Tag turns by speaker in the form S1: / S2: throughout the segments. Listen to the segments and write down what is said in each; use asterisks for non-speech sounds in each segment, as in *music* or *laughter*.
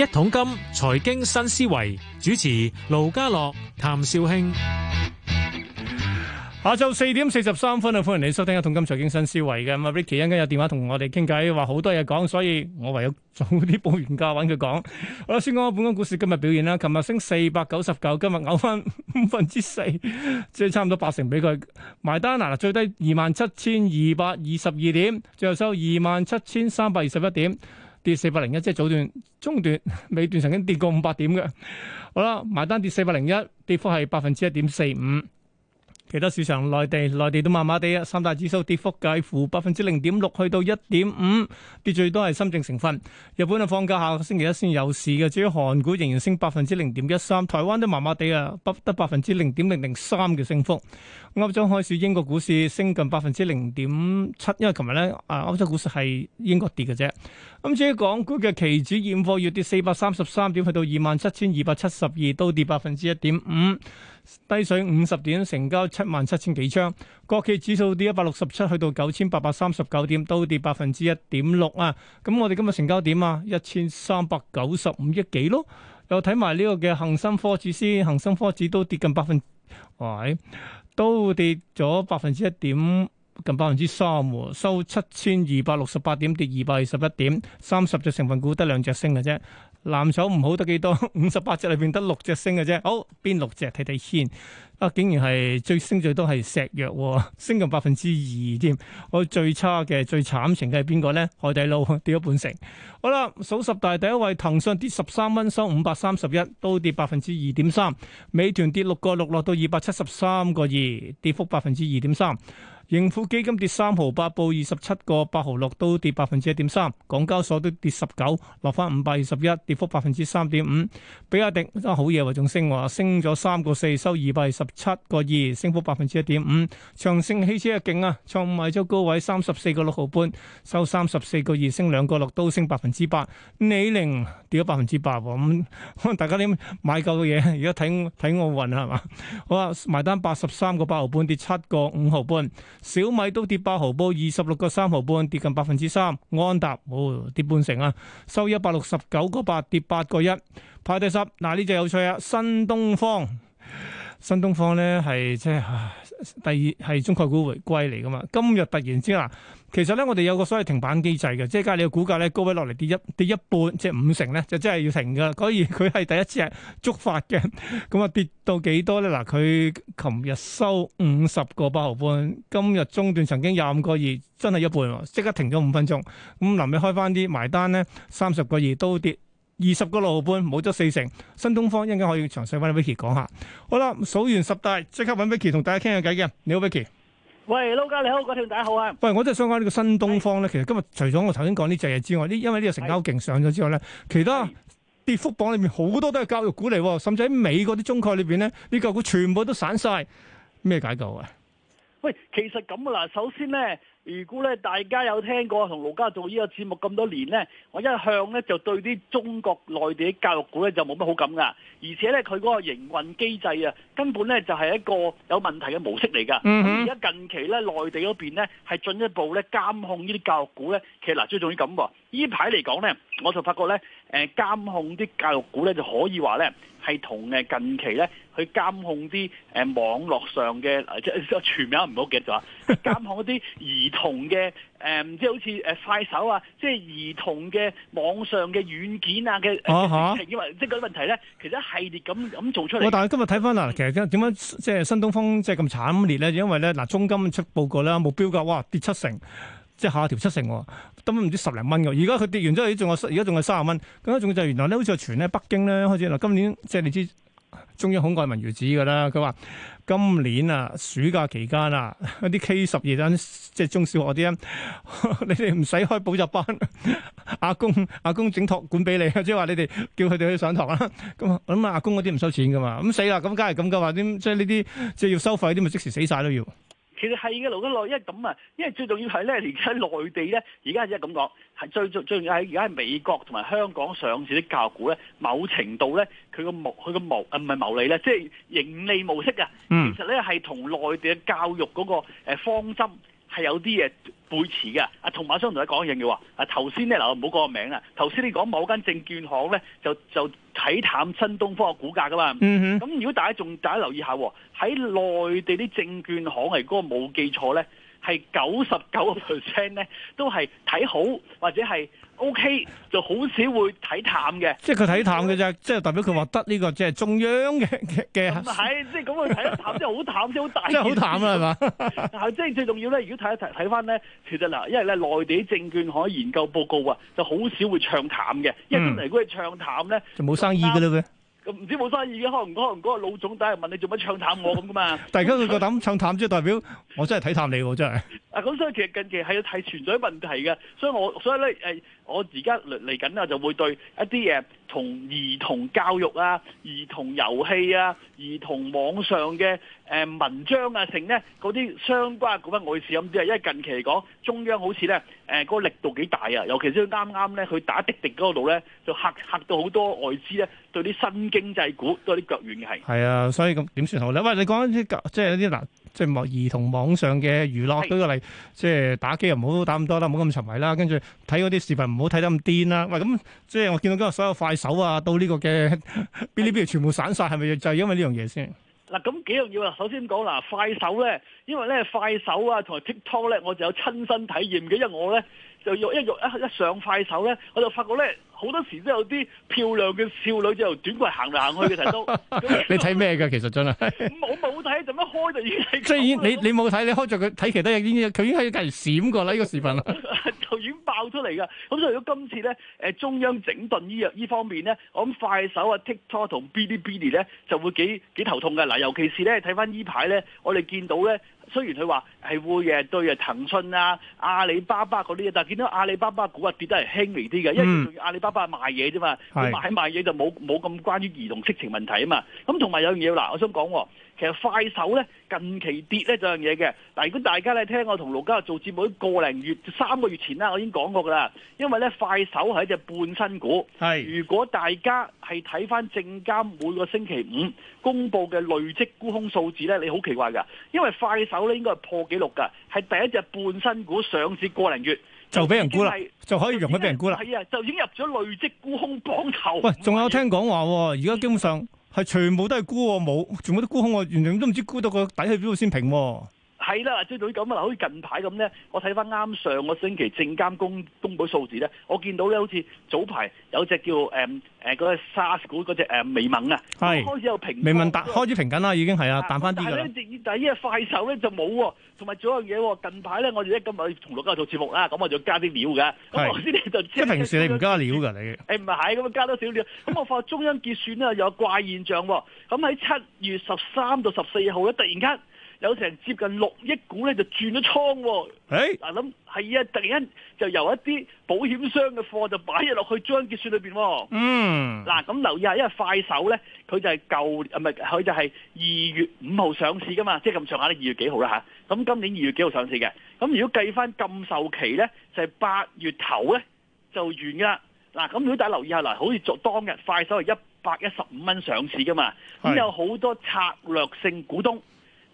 S1: 一桶金財經新思維，主持盧家樂、譚紹興，下晝四點四十三分啊！歡迎你收聽一桶金財經新思維嘅。咁啊！Ricky 一陣間有電話同我哋傾偈，話好多嘢講，所以我唯有早啲報完價揾佢講。好啦，先講下本港股市今日表現啦，琴日升四百九十九，今日嘔翻五分之四，即係差唔多八成俾佢埋單啦。最低二萬七千二百二十二點，最後收二萬七千三百二十一點。跌四百零一，即係早段、中段、尾段，曾經跌過五百點嘅。好啦，埋單跌四百零一，跌幅係百分之一點四五。其他市場內地內地都麻麻地啊，三大指數跌幅介乎百分之零點六去到一點五，跌最多係深證成分。日本啊，放假下個星期一先有市嘅。至於韓股仍然升百分之零點一三，台灣都麻麻地啊，不得百分之零點零零三嘅升幅。歐洲開始，英國股市升近百分之零點七，因為琴日咧，啊，歐洲股市係英國跌嘅啫。咁、嗯、至於港股嘅期指現貨，要跌四百三十三點，去到二萬七千二百七十二，都跌百分之一點五，低水五十點，成交七萬七千幾張。國企指數跌一百六十七，去到九千八百三十九點，都跌百分之一點六啊。咁、嗯、我哋今日成交點啊，一千三百九十五億幾咯。又睇埋呢個嘅恒生科指先，恒生科指都跌近百分，喂、哎。都跌咗百分之一點五。近百分之三，收七千二百六十八點，跌二百二十一點。三十隻成分股得兩隻升嘅啫，藍籌唔好得幾多？五十八隻裏邊得六隻升嘅啫。好，邊六隻？睇睇先啊！竟然係最升最多係石藥，啊，升近百分之二添。我、啊、最差嘅、最慘情嘅係邊個呢？海底撈跌咗半成。好啦，數十大第一位，騰訊跌十三蚊，收五百三十一，都跌百分之二點三。美團跌六個六，落到二百七十三個二，跌幅百分之二點三。盈富基金跌三毫八，報二十七個八毫六，都跌百分之一點三。港交所都跌十九，落返五百二十一，跌幅百分之三點五。比亞迪真好嘢喎，仲升升咗三個四，收二百二十七個二，升幅百分之一點五。長盛汽車一勁啊，創埋咗高位三十四個六毫半，收三十四個二，升兩個六，都升百分之八。李寧，跌咗百分之八，咁大家點買夠嘅嘢，而家睇睇奧運係嘛？好啊，埋單八十三個八毫半，跌七個五毫半。小米都跌八毫波，二十六個三毫半，跌近百分之三。安踏，哦，跌半成啊，收一百六十九個八，跌八個一，排第十。嗱，呢隻有趣啊，新東方，新東方呢係即係。是第二係中概股回歸嚟噶嘛？今日突然之間，其實咧我哋有個所謂停板機制嘅，即係假如個股價咧高位落嚟跌一跌一半，即係五成咧，就真係要停噶。所以佢係第一次係觸發嘅，咁啊跌到幾多咧？嗱，佢琴日收五十個八毫半，今日中段曾經廿五個二，真係一半，即刻停咗五分鐘。咁臨尾開翻啲埋單咧，三十個二都跌。二十個六半冇咗四成，新東方應該可以詳細揾 Vicky 講下。好啦，數完十大即刻揾 Vicky 同大家傾下偈嘅。你好 Vicky，喂，老家你好，各位聽大家好啊。喂，我真係想講呢個新東方咧，其實今日除咗我頭先講呢隻嘢之外，呢因為呢個成交勁上咗之外咧，是其他跌幅榜裏面好多都係教育股嚟，甚至喺美國啲中概裏邊咧，呢個股全部都散晒，咩解救啊？喂，
S2: 其實咁啊，嗱，首先咧。如果咧大家有聽過同盧家做呢個節目咁多年咧，我一向咧就對啲中國內地啲教育股咧就冇乜好感㗎，而且咧佢嗰個營運機制啊，根本咧就係一個有問題嘅模式嚟㗎。嗯、哼而家近期咧內地嗰邊咧係進一步咧監控呢啲教育股咧，其實嗱最重要咁喎。依排嚟講呢，我就發覺呢。誒監控啲教育股咧，就可以話咧係同誒近期咧去監控啲誒網絡上嘅即係全名唔好記咗，監控嗰啲兒童嘅誒，即係好似誒快手啊，即係兒童嘅網上嘅軟件啊嘅，係因為即係嗰啲問題咧，其實一系列咁咁做出嚟。但係
S1: 今日睇翻啦，其實點樣即係新東方即係咁慘烈咧？因為咧嗱，中金出報告啦，目標價哇跌七成。即係下調七成，根本唔知十零蚊嘅。而家佢跌完之後，依仲有，而家仲有三十蚊。咁啊，仲就係原來咧，好似話傳咧，北京咧開始嗱，今年即係你知中央恐愛民如子嘅啦。佢話今年啊，暑假期間啊，啲 K 十二等即係中小學嗰啲，你哋唔使開補習班。阿公阿公整托管俾你，即係話你哋叫佢哋去上堂啦。咁啊，咁啊，阿公嗰啲唔收錢嘅嘛。咁死啦，咁梗係咁嘅啦。啲即係呢啲即係要收費啲，咪即時死晒都要。
S2: 其實係嘅，勞德內，因為咁啊，因為最重要係咧，而家喺內地咧，而家即係咁講，係最重最重要係而家係美國同埋香港上市啲教育股咧，某程度咧，佢個模佢個牟唔係牟利咧，即係盈利模式啊。其實咧係同內地嘅教育嗰、嗰個、呃、方針。係有啲嘢背馳嘅，阿同馬商同你講一樣嘢喎。啊，頭先咧，嗱，我唔好講個名啦。頭先你講某間證券行咧，就就睇淡新東方嘅股價噶嘛。嗯哼、mm。咁、hmm. 如果大家仲大家留意下喎，喺內地啲證券行係嗰個冇記錯咧。係九十九個 percent 咧，都係睇好或者係 OK，就好少會睇淡嘅。即係佢睇
S1: 淡嘅啫，即係代表佢話得呢個即係中央嘅嘅。唔係，
S2: 即係咁佢睇淡，即係好淡，即係好大。即係好淡啦，係嘛？但係即係最重要咧，如果睇一睇睇翻咧，其實嗱，因為咧內地證券行研究報告啊，就好少會唱淡嘅。因為、嗯、如果佢唱淡咧，
S1: 就冇生意㗎啦佢。
S2: 有唔知冇生意嘅，可能可能嗰個老總都係問你做乜唱淡我咁噶嘛？但係佢個
S1: 膽唱淡，即係代表我真係睇淡你喎，真
S2: 係、啊。啊，咁所以其實近期係要睇存在問題嘅，所以我所以咧誒。呃我而家嚟緊啊，就會對一啲嘢同兒童教育啊、兒童遊戲啊、兒童網上嘅誒文章啊，成咧嗰啲相關嗰班外資都唔知啊，因為近期嚟講，中央好似咧誒個力度幾大啊，尤其是啱啱咧佢打滴滴嗰度咧，就嚇嚇到好多外資咧對啲新經濟股都有啲腳軟嘅係。
S1: 係啊，所以咁點算好咧？喂，你講緊啲即係有啲難。即係網兒童網上嘅娛樂舉個例，即係打機又唔好打咁多啦，唔好咁沉迷啦。跟住睇嗰啲視頻唔好睇得咁癲啦。喂，咁即係我見到今日所有快手啊，到呢個嘅嗶哩嗶哩全部散晒，係咪就係因為呢樣嘢先？
S2: 嗱，咁幾樣嘢啊！首先講嗱，快手咧，因為咧快手啊同埋 TikTok 咧，我就有親身體驗嘅，因為我咧。就喐一喐一上快手咧，我就發覺咧好多時都有啲漂亮嘅少女就短裙行嚟行去嘅，都
S1: *laughs* 你睇咩㗎？其實真係
S2: 冇冇睇，咁 *laughs* 一開就已經
S1: 睇。所以你你冇睇，你開着佢睇其他嘢，已經佢已經係突然閃過啦，呢、個視頻啦，
S2: 就已經爆出嚟㗎。咁所以如果今次咧，誒中央整頓依樣呢方面咧，我諗快手啊、TikTok 同 Bilibili 咧就會幾幾頭痛㗎。嗱。尤其是咧睇翻依排咧，我哋見到咧，雖然佢話係會贏對騰訊啊，騰訊啊、阿里巴巴嗰啲嘢，但係見到阿里巴巴股啊跌得係輕微啲嘅，因為阿里巴巴係賣嘢啫嘛，賣賣嘢就冇冇咁關於兒童色情問題啊嘛。咁同埋有樣嘢嗱，我想講，其實快手咧近期跌咧就樣嘢嘅。嗱，如果大家咧聽我同盧嘉做節目個，個零月三個月前啦，我已經講過噶啦，因為咧快手係一隻半新股。係的，如果大家係睇翻證監每個星期五公布嘅累積沽空數字咧，你好奇怪㗎，因為快手。嗰啲應該係破紀錄㗎，係第一隻半新股上市個零月就俾人沽啦，就可以容得俾人沽啦。係啊，就已經入咗累積沽空榜頭。喂，
S1: 仲有聽講話，而家基本上係全部都係沽，冇全部都係沽空，我完全都唔知道沽到個底去邊度先平喎。
S2: 係啦，追到咁啊，好似近排咁咧，我睇翻啱上個星期證監公公佈數字咧，我見到咧好似早排有隻叫誒嗰、嗯嗯嗰個、SARS 股嗰隻微盟啊，是開始有平，微盟開始
S1: 平緊啦，已經係啊，淡翻啲，但係
S2: 呢個快手咧就冇喎，同埋仲有樣嘢喎，近排咧我哋咧今日同陸家做節目啦，咁我就加啲料㗎。咁我先你就即係平時你
S1: 唔加料㗎你、欸？
S2: 誒唔係咁加多少料？咁 *laughs* 我發覺中央結算咧有怪現象喎，咁喺七月十三到十四號咧突然間。有成接近六億股咧，就轉咗倉喎、啊。嗱諗係啊，突然間就由一啲保險商嘅貨就擺咗落去張結算裏面喎、啊。嗯、mm. 啊，嗱咁留意下，因為快手咧，佢就係舊唔係佢就係二月五號上市噶嘛，即係咁上下咧，二月幾號啦嚇？咁今年二月幾號上市嘅？咁如果計翻禁售期咧，就係、是、八月頭咧就完㗎啦。嗱、啊，咁如果大家留意下嗱，好似昨當日快手係一百一十五蚊上市噶嘛，咁有好多策略性股東。Hey.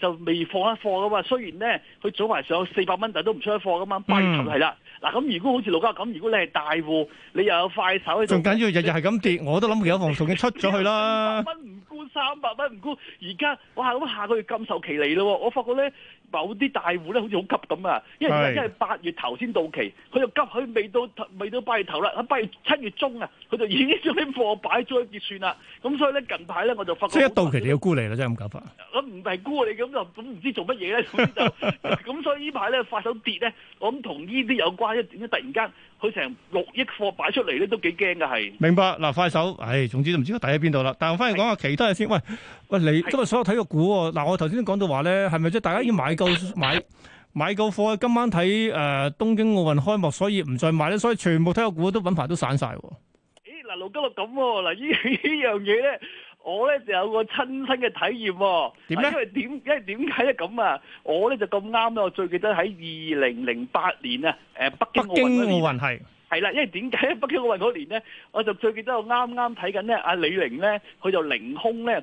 S2: 就未放一貨噶嘛，雖然咧佢早排上有四百蚊，但都唔出得貨噶嘛。八月十係啦，嗱咁、啊、如果好似老家咁，如果你係大戶，你又有快手，仲緊要
S1: 日日係咁跌，你我都諗幾有房仲嘅出咗去啦。
S2: 三百蚊唔沽，三百蚊唔沽，而家哇咁下個月咁受其利咯喎，我發覺咧。某啲大戶咧，好似好急咁啊，因
S1: 為因為八
S2: 月頭先到期，佢就急，佢未到未到八月頭啦，喺八月七月中啊，佢就已經將啲貨擺咗一結算啦。咁所以咧近排咧，我就發覺即一
S1: 到期就要沽你啦，即係咁搞法。
S2: 咁唔係沽你，咁就咁唔知做乜嘢咧，就咁所以呢排咧快手跌咧，我諗同呢啲有關一。點解突然間佢成六億貨擺出嚟咧，都幾驚㗎。係。
S1: 明白嗱，快手，唉、哎，總之都唔知佢抵喺邊度啦。但係我返嚟講下其他嘢先。是喂喂，你今日所有體育股嗱、啊，我頭先都講到話咧，係咪即係大家已經買買買夠貨，今晚睇誒東京奧運開幕，所以唔再買啦，所以全部體育股都品牌都散晒。誒，
S2: 嗱，盧吉樂咁喎，嗱，呢呢樣嘢咧，我咧就有個親身嘅體驗。點解咧？因為點因為點解咧咁啊？我咧就咁啱啦，我最記得喺二零零八年啊，誒，北京奧運係係啦，因為點解咧？北京奧運嗰年咧，我就最記得我啱啱睇緊咧，阿李寧咧，佢就凌空咧。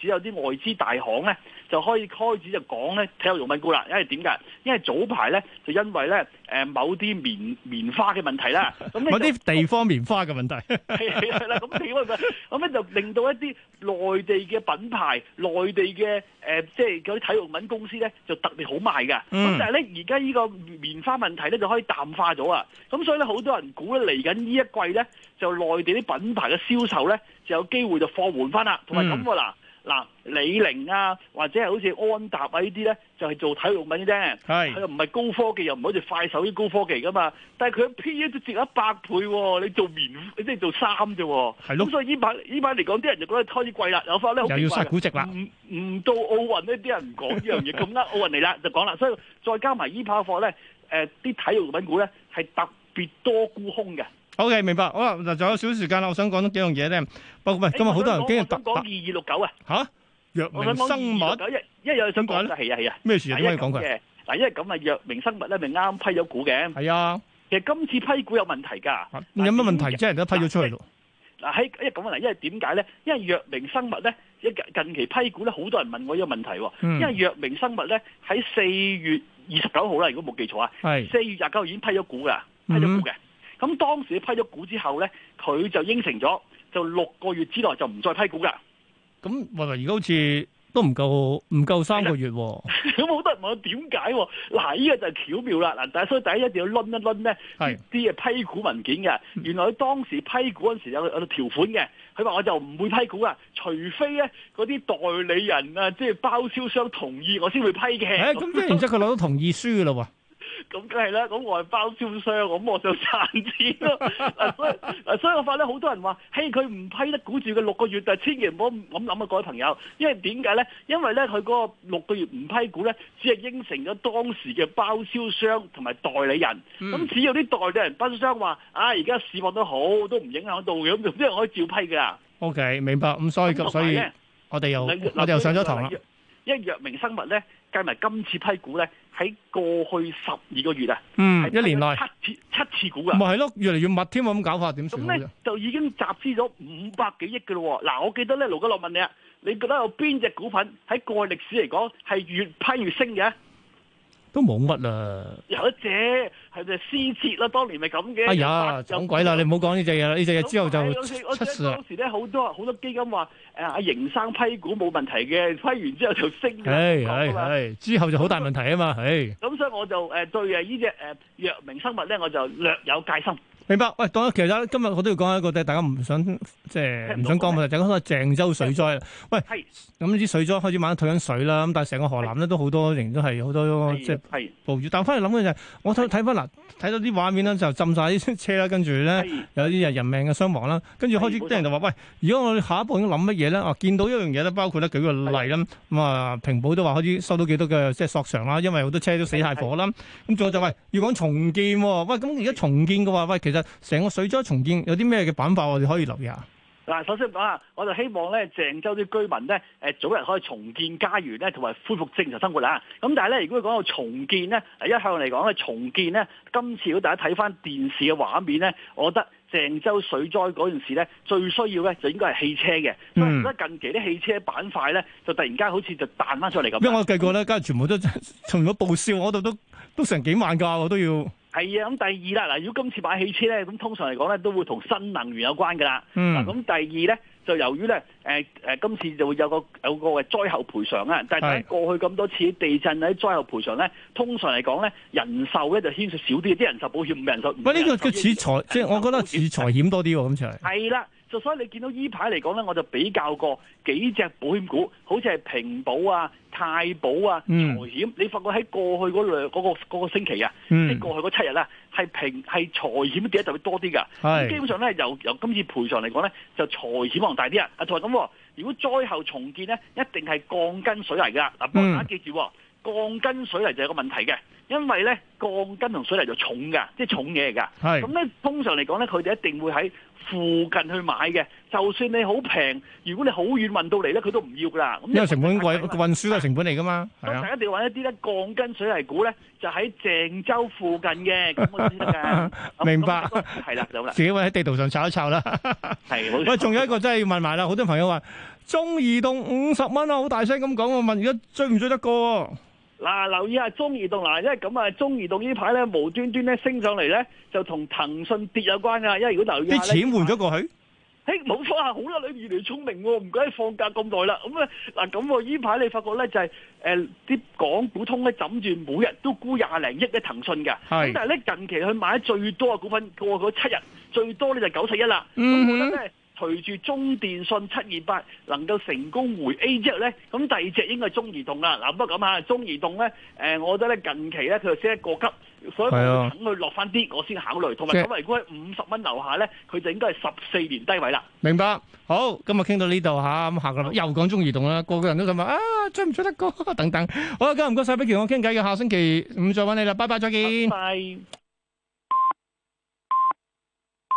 S2: 只有啲外資大行咧，就可以開始就講咧體育用品股啦。因為點解？因為早排咧就因為咧誒某啲棉棉花嘅問題啦，咁啲地
S1: 方棉花嘅問題係
S2: 啦。咁點解咁咧就令到一啲內地嘅品牌、內地嘅誒、呃，即係嗰啲體育品公司咧就特別好賣㗎。咁、嗯、但係咧，而家呢個棉花問題咧就可以淡化咗啊。咁所以咧，好多人估咧嚟緊呢一季咧，就內地啲品牌嘅銷售咧就有機會就放緩翻啦。同埋咁嗱。嗯嗱，李寧啊，或者係好似安踏啊呢啲咧，就係、是、做體育用品嘅啫，係佢的又唔係高科技，又唔好似快手啲高科技噶嘛，但係佢 P U 都值一百倍、哦，你做棉，你即係做衫啫、哦，係咯的，咁所以呢排呢排嚟講，啲人就覺得開始貴啦，有翻咧，又要殺估值啦，唔唔到奧運咧，啲人唔講呢樣嘢，咁啱奧運嚟啦，就講啦，所以再加埋依批貨咧，誒、呃，啲體育用品股咧係特別多沽空嘅。
S1: 好嘅，明白。好啦，嗱，仲有少少時間啦，我想講多幾樣嘢咧。不過喂，今日好多人經常特
S2: 講二二六九啊。吓，藥明生物一一日想講嘅係啊係啊，咩事啊？點解要講佢？嗱，因為咁啊，藥明生物咧，咪啱批咗股嘅。係啊，其實今次批股有問題噶。
S1: 有乜問題？即係而家批咗出嚟咯。
S2: 嗱，喺一咁啊，因為點解咧？因為藥明生物咧，一近期批股咧，好多人問我呢個問題。因為藥明生物咧，喺四月二十九號啦，如果冇記錯啊。係四月廿九號已經批咗股噶，批
S1: 咗股嘅。
S2: 咁當時批咗股之後咧，佢就應承咗，就六個月之內就唔再批股噶。
S1: 咁原來而家好似都唔夠，唔夠三個月。咁
S2: 好 *laughs* 多人問我點解？嗱，呢、啊、個就巧妙啦。嗱，但係所以第一一定要搵一搵咧，啲嘅批股文件嘅。是原來佢當時批股嗰陣時有有條款嘅。佢話我就唔會批股噶，除非咧嗰啲代理人啊，即係包銷商同意我先會批嘅。咁即係然之後佢攞到
S1: 同意書啦喎。
S2: 咁梗係啦，咁我係包銷商，咁我就賺錢咯、 *laughs* 啊。所以我發咧，好、啊、多人話，嘿，佢唔批得估住嘅六個月，就千祈唔好咁諗啊！各位朋友，因為點解咧？因為咧，佢嗰個六個月唔批估咧，只係應承咗當時嘅包銷商同埋代理人。咁、嗯、只有啲代理人包銷商話，啊，而家市況都好，都唔影響到嘅，咁啲人可以照批㗎。
S1: OK，明白。咁所以咁，所以，所以我哋又我哋又上咗堂啦。
S2: 因為藥明生物咧。計埋今次批股咧，喺過去十二個月啊，嗯，一年內七次七次股
S1: 噶，唔係咯，越嚟越密添，咁搞法點算？咁咧
S2: 就已經集資咗五百幾億嘅咯。嗱，啊，我記得咧，盧家樂問你啊，你覺得有邊隻股份喺過去歷史嚟講係越批越升嘅？
S1: 都冇乜啊，有
S2: 一隻。係咪係私設啦，當年咪咁嘅。哎呀，講鬼啦，
S1: 你唔好講呢隻嘢啦，呢隻嘢之後就出事啦。當時
S2: 咧好多好多基金話誒阿盈生批股冇問題嘅，批完之後就升。
S1: 係係係，之後就好大問題啊嘛，係。
S2: 咁所以我就誒對誒呢隻誒藥明生物咧，我就略有戒心。
S1: 明白。喂，講其實今日我都要講一個嘅，大家唔想即係唔想講嘅問題，就係講下鄭州水災啦。喂，咁啲水災開始慢退緊水啦，咁但係成個河南咧都好多仍然都係好多即係暴雨，但係翻嚟諗嘅就係我睇睇翻南。睇到啲畫面咧，就浸晒啲車啦，跟住咧是有啲人人命嘅傷亡啦，跟住開始啲人就話，喂，如果我哋下一步要諗乜嘢咧？哦、啊，見到一樣嘢咧，包括咧舉個例啦，咁是啊，平保都話開始收到幾多嘅即係索償啦，因為好多車都死晒火啦。咁仲有就喂、是，要講重建、哦，喂，咁而家重建嘅話，喂，其實成個水災重建有啲咩嘅板塊我哋可以留意啊。
S2: 嗱，首先講下，我就希望咧，鄭州啲居民咧，誒，早日可以重建家園咧，同埋恢復正常生活啦。咁但係咧，如果講到重建咧，一向嚟講咧，重建咧，今次如果大家睇翻電視嘅畫面咧，我覺得鄭州水災嗰件事咧，最需要咧就應該係汽車嘅。嗯。所以近期啲汽車板塊咧，就突然間好似就彈翻出嚟咁。因為我計過
S1: 咧，今日全部都從咗報銷，我度都都成幾萬㗎，我都要。
S2: 係啊，咁第二啦，嗱，如果今次買汽車咧，咁通常嚟講咧，都會同新能源有關噶啦。嗯。咁第二咧，就由於咧，誒、呃、誒，今次就會有個有個嘅災後賠償啊。但係過去咁多次地震喺災後賠償咧，通常嚟講咧，人壽咧就牽涉少啲，啲人壽保險唔係人壽。喂，呢個嘅似
S1: 財，即係我覺得似財險多啲咁就係。
S2: 係啦。就所以你見到依排嚟講咧，我就比較過幾隻保險股，好似係平保啊、太保啊、財險，你發覺喺過去嗰兩嗰個星期啊，即係過去嗰七日咧，係平係財險跌得就會多啲噶。咁基本上咧，由由今次賠償嚟講咧，就財險可能大啲啊。啊，就係咁。如果災後重建咧，一定係鋼筋水嚟噶。嗱、嗯，大家記住。鋼筋水泥就有個問題嘅，因為咧，鋼筋同水泥就重噶，即係重嘢嚟噶。係咁咧，通常嚟講咧，佢哋一定會喺附近去買嘅。就算你好平，如果你好遠運到嚟咧，佢都唔要噶啦。因為成本貴，運
S1: 輸都係成本嚟噶嘛。咁大家一
S2: 定要揾一啲咧，鋼筋水泥股咧，就喺鄭州附近嘅，咁我先得噶。
S1: 明白，係啦，
S2: 好啦，自
S1: 己會喺地圖上查一查啦。係冇錯。咁啊，仲有一個真係要問埋啦，好多朋友話中移
S2: 動五十蚊啊，好大聲咁講，我問而家追唔追得過？嗱，留意下中移動，嗱，因為咁啊，中移動呢排咧無端端咧升上嚟咧，就同騰訊跌有關嘅，因為如果留意下啲錢換咗過去，嘿、欸，冇錯啊，好啦，你越嚟越聰明喎，唔該，放假咁耐啦，咁啊，嗱，咁喎呢排你發覺咧就係誒啲港股通咧枕住每日都沽廿零億嘅騰訊嘅，咁是但係咧近期佢買得最多嘅股份，過咗七日最多咧就九十一啦，咁冇、嗯、哼得咩？隨住中電信七二八能夠成功回 A 之後咧，咁第二隻應該係中移動啦。嗱，不過咁啊，中移動咧，誒，我覺得咧近期咧佢就先一個急，所以我等佢落翻啲，我先考慮。同埋，如果喺五十蚊樓下咧，佢就應該係十四年低位啦。
S1: 明白。好，今日傾到呢度吓，咁下個又講中移動啦，個個人都想問啊，追唔追得過等等。好啦，今日唔該晒，俾我傾偈嘅下星期五再搵你啦，拜拜，再見。
S2: 拜。